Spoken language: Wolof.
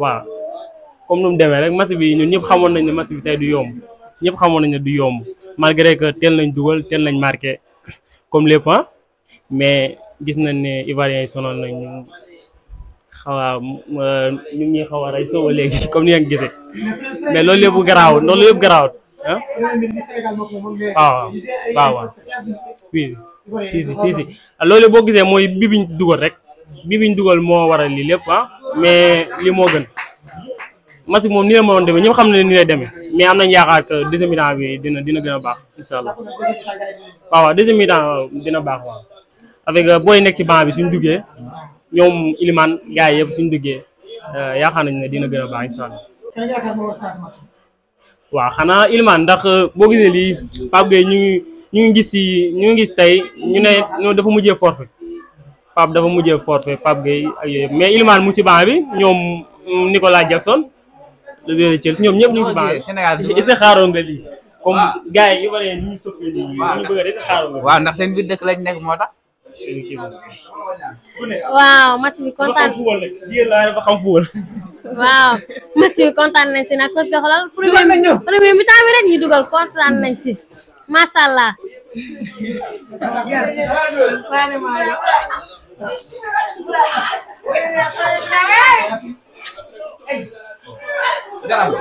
waaw comme nu mu demee rek match bi ñun ñëpp xamoon nañ ne match bi tey du yomb ñëpp xamoon nañu ne du yomb malgré que teel nañ dugal teel nañ marqué comme le points ah. mais gis nañ ne Ivoiriens yi sonal nañ ñu xaw a euh, ñu ngi xaw a rey léegi comme ni nga gisee mais loolu yëpp garaawut loolu yëpp garaawut ah. waaw waaw waaw oui si si si si loolu boo gisee mooy bi biñ dugal rek. bi biñ dugal moo waral lii lépp ah mais li moo gën match moom nii la mënoon demee ñëpp xam ne ni lay demee mais am nañ yaakaar que deuxième bi dina dina gën a baax incha allah waaw waaw deuxième dina baax waaw avec booy nekk ci banc bi suñ duggee ñoom Ilimane gars yi yëpp suñ duggee euh, yaakaar nañ ne dina gën a baax incha allah waaw xanaa Ilimane ndax euh, boo gisee lii Pape Gueye ñu ngi ñu ngi gis si ñu gis tey ñu ne ñoo dafa mujjee forfait Pape dafa mujjee forfait Pape Gueye ak yooyu mu ci banc bi ñoom Nicolas Jackson le joueur de ñoom ñëpp ñu ngi ci bi est nga lii waaw ndax seen biir dëkk lañ nekk moo tax waaw match bi bi kontaan nañ si nag parce que xoolal premier premier mi-temps rek ñu dugal kontaan nañ si macha Udah